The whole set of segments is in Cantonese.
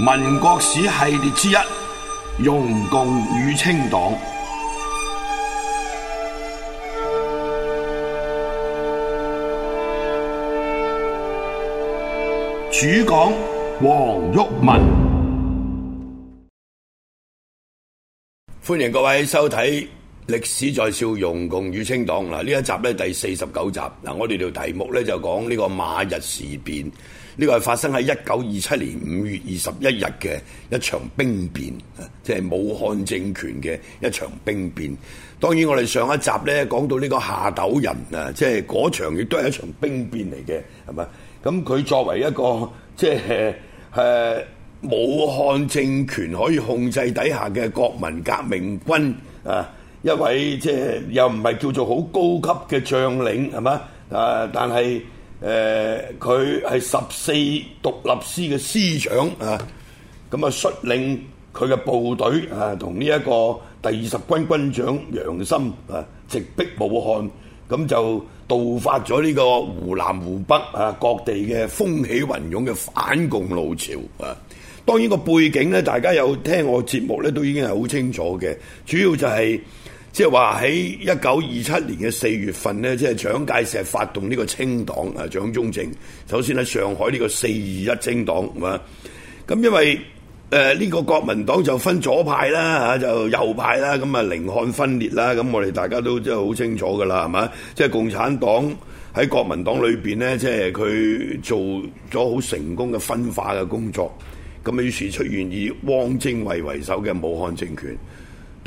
民國史系列之一：容共與清黨。主講：黃毓民。歡迎各位收睇。歷史在笑，容共與清黨。嗱，呢一集咧，第四十九集嗱，我哋條題目咧，就講呢個馬日事變，呢、這個係發生喺一九二七年五月二十一日嘅一場兵變，即、就、係、是、武漢政權嘅一場兵變。當然，我哋上一集咧，講到呢個夏斗寅，啊，即係嗰場亦都係一場兵變嚟嘅，係咪？咁佢作為一個即係、就是啊、武漢政權可以控制底下嘅國民革命軍啊。一位即係又唔係叫做好高級嘅將領係嘛啊？但係誒，佢、呃、係十四獨立師嘅師長啊！咁啊，率領佢嘅部隊啊，同呢一個第二十軍軍長楊森啊，直逼武漢，咁、啊、就導發咗呢個湖南湖北啊各地嘅風起雲湧嘅反共怒潮啊！當然個背景呢，大家有聽我節目呢都已經係好清楚嘅，主要就係、是。即係話喺一九二七年嘅四月份呢，即係蔣介石發動呢個清黨啊，蔣中正首先喺上海呢個四二一清黨，咁啊，咁因為誒呢、呃呢個國民黨就分左派啦嚇，就右派啦，咁啊寧漢分裂啦，咁我哋大家都即係好清楚㗎啦，係嘛？即係共產黨喺國民黨裏邊呢，即係佢做咗好成功嘅分化嘅工作，咁於是出現以汪精衛為首嘅武漢政權。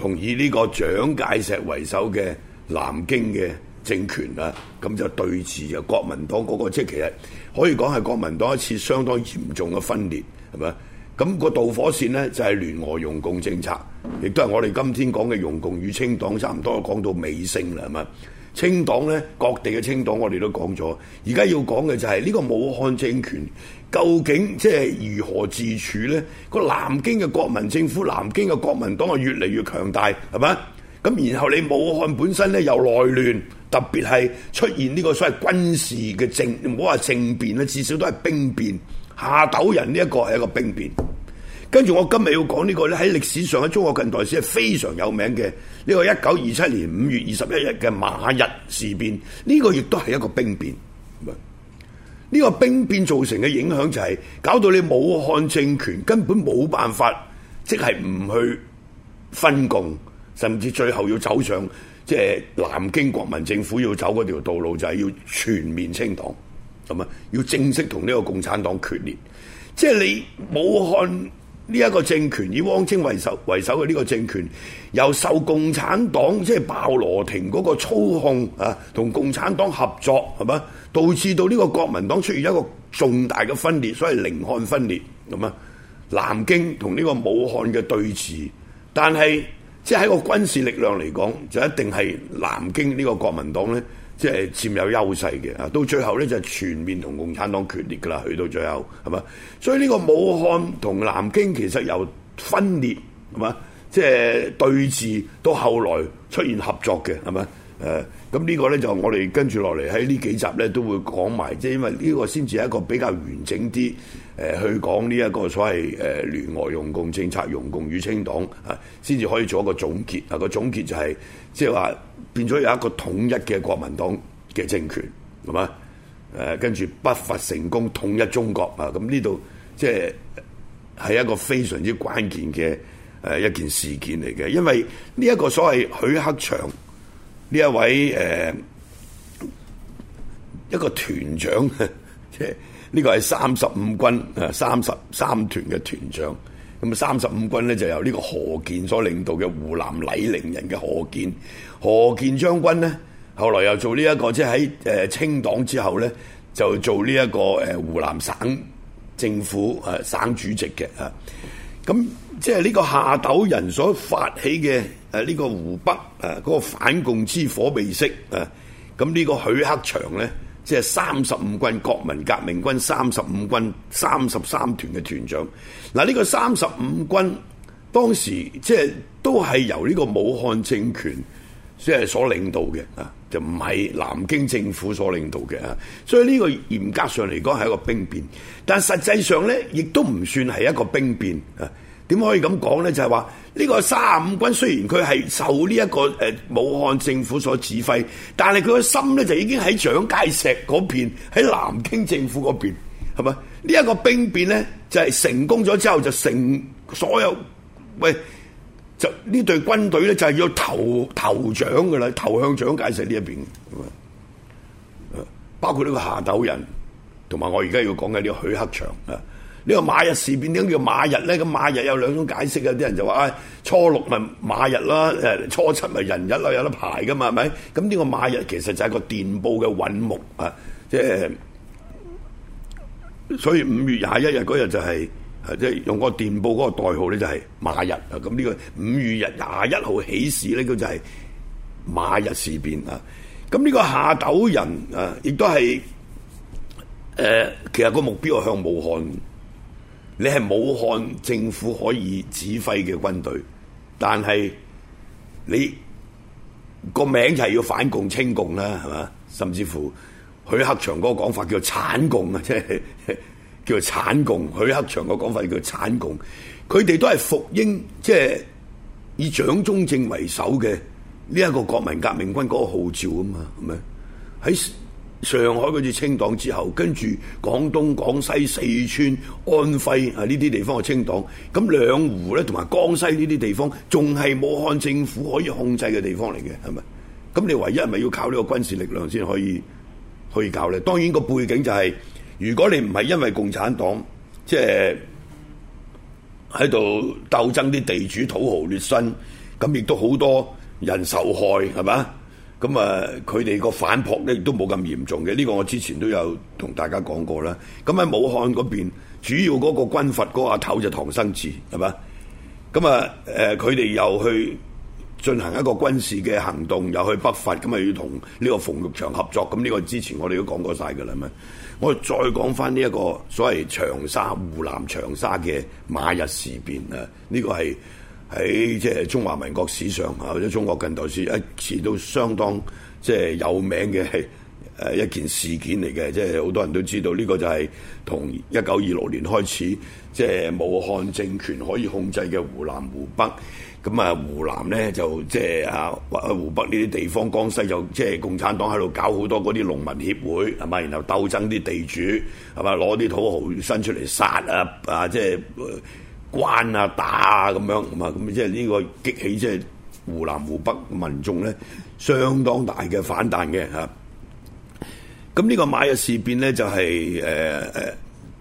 同以呢個蔣介石為首嘅南京嘅政權啊，咁就對峙啊國民黨嗰、那個，即係其實可以講係國民黨一次相當嚴重嘅分裂，係咪？咁個導火線呢，就係、是、聯俄容共政策，亦都係我哋今天講嘅容共與清黨差唔多講到尾聲啦，係咪？清黨呢，各地嘅清黨我哋都講咗，而家要講嘅就係呢個武漢政權。究竟即係如何自處呢？個南京嘅國民政府、南京嘅國民黨係越嚟越強大，係咪？咁然後你武漢本身呢，又內亂，特別係出現呢個所謂軍事嘅政，唔好話政變啦，至少都係兵變。夏斗寅呢一個係一個兵變。跟住我今日要講呢個呢，喺歷史上喺中國近代史係非常有名嘅呢個一九二七年五月二十一日嘅馬日事變，呢個亦都係一個兵變。呢個兵變造成嘅影響就係、是、搞到你武漢政權根本冇辦法，即係唔去分共，甚至最後要走上即係、就是、南京國民政府要走嗰條道路，就係要全面清黨，咁啊要正式同呢個共產黨決裂。即、就、係、是、你武漢呢一個政權以汪精衛為首為首嘅呢個政權，又受共產黨即係鮑羅廷嗰個操控啊，同共產黨合作係嘛？是導致到呢個國民黨出現一個重大嘅分裂，所謂寧漢分裂咁啊。南京同呢個武漢嘅對峙，但係即係喺個軍事力量嚟講，就一定係南京呢個國民黨呢，即係佔有優勢嘅啊。到最後呢，就是、全面同共產黨決裂噶啦，去到最後係嘛。所以呢個武漢同南京其實有分裂係嘛，即係對峙，到後來出現合作嘅係嘛誒。咁呢個呢，就我哋跟住落嚟喺呢幾集呢都會講埋，即係因為呢個先至係一個比較完整啲誒、呃、去講呢一個所謂誒、呃、聯俄容共，共政策、容共與清黨啊，先至可以做一個總結啊。個總結就係即係話變咗有一個統一嘅國民黨嘅政權係嘛，跟住北伐成功統一中國啊！咁呢度即係係一個非常之關鍵嘅誒、啊、一件事件嚟嘅，因為呢一個所謂許克祥。呢一位誒、呃、一個團長，即係呢個係三十五軍啊，三十三團嘅團長。咁三十五軍咧就由呢個何健所領導嘅湖南醴陵人嘅何健。何健將軍咧，後來又做呢、這、一個即係喺誒清黨之後咧，就做呢一個誒湖南省政府啊、呃、省主席嘅啊。咁即係呢個夏斗寅所發起嘅誒呢個湖北誒嗰個反共之火未熄啊！咁呢個許克祥呢，即係三十五軍，國民革命軍三十五軍三十三團嘅團長。嗱，呢個三十五軍當時即係都係由呢個武漢政權。即係所領導嘅啊，就唔係南京政府所領導嘅啊，所以呢個嚴格上嚟講係一個兵變，但實際上呢亦都唔算係一個兵變啊。點可以咁講呢？就係話呢個三十五軍雖然佢係受呢一個武漢政府所指揮，但係佢個心呢就已經喺蔣介石嗰邊，喺南京政府嗰邊，係咪？呢一個兵變呢，就係、是、成功咗之後就成所有喂。就呢隊軍隊咧，就係要投投蔣嘅啦，投向蔣解釋呢一邊包括呢個夏斗寅，同埋我而家要講嘅呢個許克祥啊，呢、呢個馬日事變點叫、呢個、馬日咧？咁馬日有兩種解釋，有啲人就話啊、哎，初六咪馬日啦，誒，初七咪人日啦，有得排嘅嘛，係咪？咁呢個馬日其實就係個電報嘅韻目啊，即係，所以五月廿一日嗰日就係。即係用個電報嗰個代號咧，就係馬日啊！咁呢個五月日廿一號起事呢，佢就係馬日事變啊！咁呢個夏斗寅啊，亦都係誒，其實個目標係向武漢。你係武漢政府可以指揮嘅軍隊，但係你個名就係要反共清共啦，係嘛？甚至乎許克祥嗰個講法叫做「剷共」啊，即係。叫做剷共，許克祥個講法叫做剷共，佢哋都係復英，即係以蔣中正為首嘅呢一個國民革命軍嗰個號召啊嘛，係咪？喺上海嗰次清黨之後，跟住廣東、廣西、四川、安徽啊呢啲地方嘅清黨，咁兩湖咧同埋江西呢啲地方，仲係武漢政府可以控制嘅地方嚟嘅，係咪？咁你唯一係咪要靠呢個軍事力量先可以去搞咧？當然個背景就係。如果你唔係因為共產黨即係喺度鬥爭啲地主土豪劣紳，咁亦都好多人受害係嘛？咁啊，佢哋個反撲咧亦都冇咁嚴重嘅，呢個我之前都有同大家講過啦。咁喺武漢嗰邊，主要嗰個軍閥嗰個阿頭就唐生智係嘛？咁啊，誒佢哋又去。進行一個軍事嘅行動，又去北伐，咁啊要同呢個馮玉祥合作，咁呢個之前我哋都講過晒㗎喇，咁我再講返呢一個所謂長沙湖南長沙嘅馬日事變啊，呢、這個係喺即係中華民國史上、啊、或者中國近代史一直、啊、都相當即係、就是、有名嘅誒一件事件嚟嘅，即係好多人都知道呢個就係同一九二六年開始，即、就、係、是、武漢政權可以控制嘅湖南湖北。咁啊，湖南咧就即係啊，湖北呢啲地方，江西就即係共產黨喺度搞好多嗰啲農民協會，係嘛？然後鬥爭啲地主，係嘛？攞啲土豪伸出嚟殺啊！啊，即係關啊、打啊咁樣，啊，咁即係呢個激起即係湖南湖北民眾咧，相當大嘅反彈嘅嚇。咁、啊、呢、啊嗯這個馬日事變咧，就係誒誒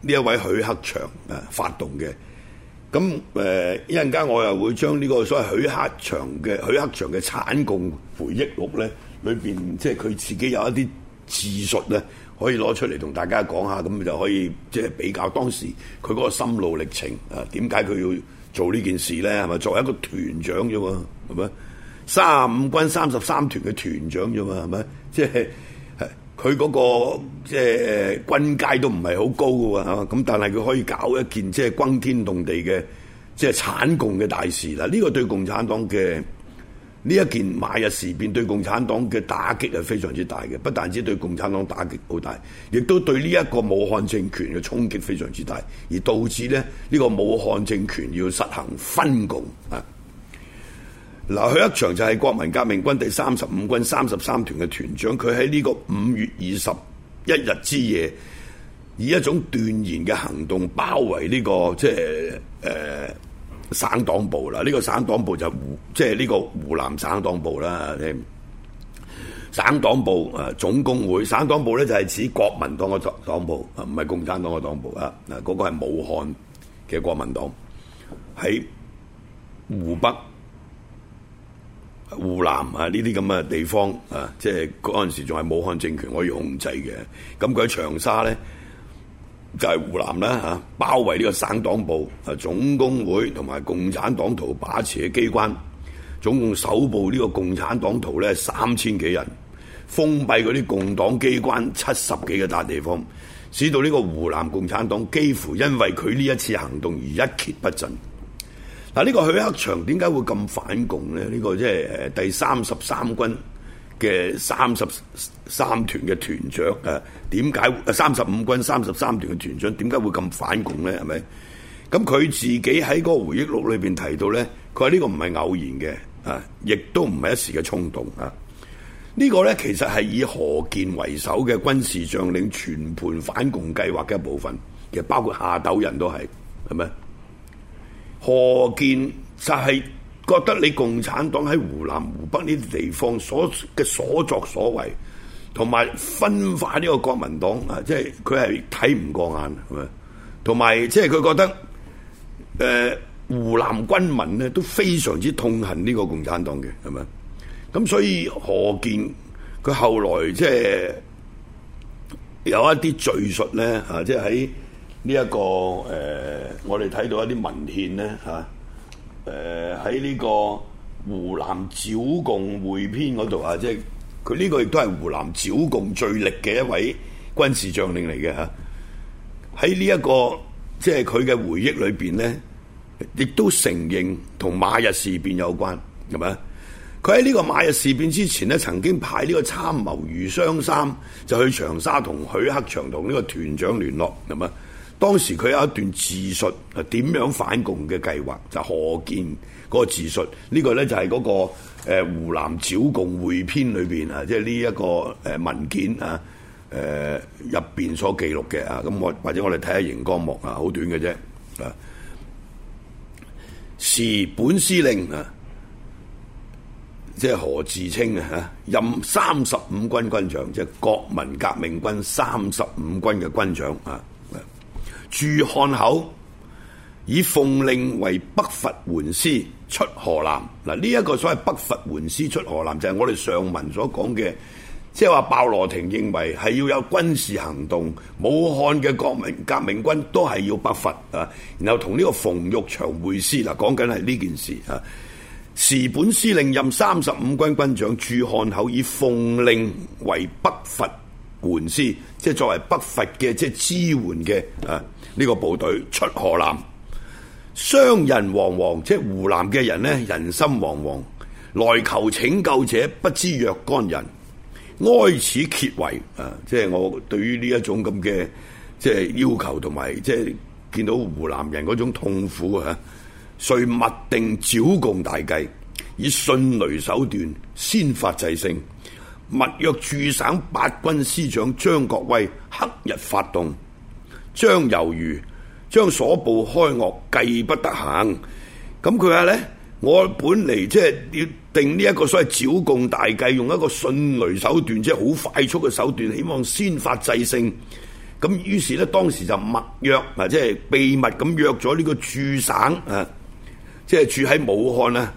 呢一位許克祥誒、啊、發動嘅。咁誒一陣間我又會將呢個所謂許克祥嘅、嗯、許克祥嘅剷共回憶錄咧，裏邊即係佢自己有一啲自述咧，可以攞出嚟同大家講下，咁就可以即係比較當時佢嗰個心路歷程啊，點解佢要做呢件事咧？係咪作為一個團長啫喎？係咪三五軍三十三團嘅團長啫嘛？係咪即係？佢嗰、那個即係、呃、軍階都唔係好高嘅喎，嚇、啊、咁，但係佢可以搞一件即係轟天動地嘅即係剷共嘅大事啦。呢、啊這個對共產黨嘅呢一件馬日事變對共產黨嘅打擊係非常之大嘅，不但止對共產黨打擊好大，亦都對呢一個武漢政權嘅衝擊非常之大，而導致咧呢、這個武漢政權要實行分共啊。嗱，佢一場就係國民革命軍第三十五軍三十三團嘅團長，佢喺呢個五月二十一日之夜，以一種斷然嘅行動包圍呢個即係誒省黨部啦。呢個省黨部就湖即係呢個湖南省黨部啦。省黨部誒總工會省黨部咧就係指國民黨嘅黨黨部啊，唔係共產黨嘅黨部啊。嗱，嗰個係武漢嘅國民黨喺湖北。湖南啊，呢啲咁嘅地方啊，即係嗰陣時仲係武漢政權可以控制嘅。咁佢喺長沙咧，就係、是、湖南啦嚇、啊，包圍呢個省黨部、啊總工會同埋共產黨徒把持嘅機關，總共搜捕呢個共產黨徒咧三千幾人，封閉嗰啲共黨機關七十幾個大地方，使到呢個湖南共產黨幾乎因為佢呢一次行動而一蹶不振。嗱，呢個許克祥點解會咁反共咧？呢、這個即係誒第三十三軍嘅三十三團嘅團長啊，點解三十五軍三十三團嘅團長點解會咁反共咧？係咪？咁佢自己喺個回憶錄裏邊提到咧，佢話呢個唔係偶然嘅啊，亦都唔係一時嘅衝動啊。這個、呢個咧其實係以何健為首嘅軍事將領全盤反共計劃嘅一部分，其實包括夏斗寅都係係咪？何健就係覺得你共產黨喺湖南、湖北呢啲地方所嘅所作所為，同埋分化呢個國民黨啊，即係佢係睇唔過眼，係咪？同埋即係佢覺得，誒、呃、湖南軍民咧都非常之痛恨呢個共產黨嘅，係咪？咁所以何健，佢後來即、就、係、是、有一啲敘述咧啊，即係喺。呢一、這個誒、呃，我哋睇到一啲文獻咧嚇，誒喺呢個湖南剿共彙編嗰度啊，即係佢呢個亦都係湖南剿共最力嘅一位軍事將領嚟嘅嚇。喺呢一個即係佢嘅回憶裏邊咧，亦都承認同馬日事變有關，係咪啊？佢喺呢個馬日事變之前咧，曾經派呢個參謀余湘三就去長沙同許克祥同呢個團長聯絡，係咪？當時佢有一段自述啊，點樣反共嘅計劃就是、何鍵嗰個自述呢、呢個咧就係嗰個湖南剿共會編裏邊啊，即係呢一個誒文件啊誒入邊所記錄嘅啊。咁我或者我哋睇下熒光幕啊，好短嘅啫啊。時本司令啊，即係何志清啊，任三十五軍軍長，即係國民革命軍三十五軍嘅軍長啊。駐漢口，以奉令為北伐援師出河南。嗱，呢一個所謂北伐援師出河南，就係、是、我哋上文所講嘅，即係話鮑羅廷認為係要有軍事行動，武漢嘅革命革命軍都係要北伐啊。然後同呢個馮玉祥會師嗱，講緊係呢件事啊。時本司令任三十五軍軍長，駐漢口，以奉令為北伐。援師，即係作為北伐嘅即係支援嘅啊！呢、這個部隊出河南，湘人惶惶，即係湖南嘅人咧，人心惶惶，來求拯救者不知若干人，哀此揭圍啊！即係我對於呢一種咁嘅即係要求同埋，即係見到湖南人嗰種痛苦啊！遂密定剿共大計，以迅雷手段先發制勝。密約駐省八軍師長張國威，黑日發動，將猶豫將所部開樂計不得行。咁佢話咧，我本嚟即係要定呢一個所謂剿共大計，用一個迅雷手段，即係好快速嘅手段，希望先發制勝。咁於是咧，當時就密約，啊，即係秘密咁約咗呢個駐省啊，即係住喺武漢啊。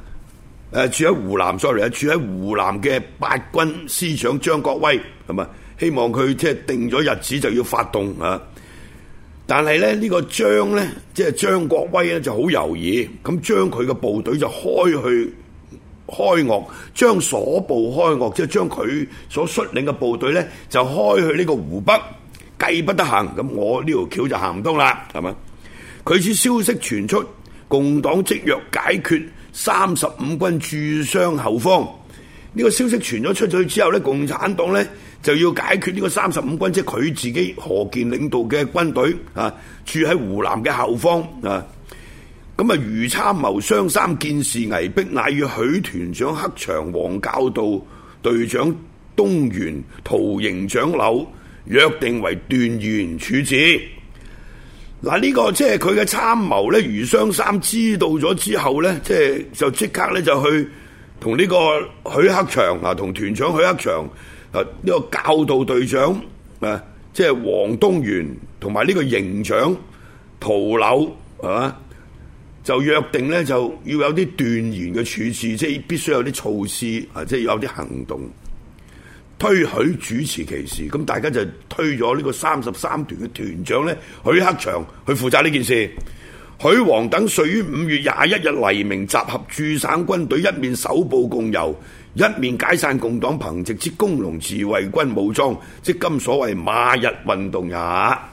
誒，住喺湖南 sorry，Sorry，住喺湖南嘅八軍司長張國威，係嘛？希望佢即係定咗日子就要發動啊！但係咧呢個張咧，即係張國威咧就好猶豫，咁將佢嘅部隊就開去開鄂，將所部開鄂，即係將佢所率領嘅部隊咧就開去呢個湖北，計不得行，咁我呢條橋就行唔通啦，係嘛？佢此消息傳出，共黨即若解決。三十五軍駐湘後方，呢、這個消息傳咗出去之後呢，共產黨呢就要解決呢個三十五軍，即係佢自己何鍵領導嘅軍隊啊，駐喺湖南嘅後方啊。咁啊，余參謀雙三見事危逼，乃與許團長、克祥、王教導，隊長、東原陶營長、柳約定為斷援處置。嗱，呢、這個即係佢嘅參謀咧，余湘三知道咗之後咧，即係就即刻咧就去同呢個許克祥啊，同團長許克祥啊，呢、這個教導隊長啊，即係黃東元同埋呢個營長陶柳啊，就約定咧就要有啲斷言嘅處置，即係必須有啲措施啊，即係要有啲行動。推許主持其事，咁大家就推咗呢個三十三團嘅團長呢許克祥去負責呢件事。許王等遂於五月廿一日黎明集合駐省軍隊，一面搜捕共遊，一面解散共黨憑藉之工農自衛軍武裝，即今所謂馬日運動也。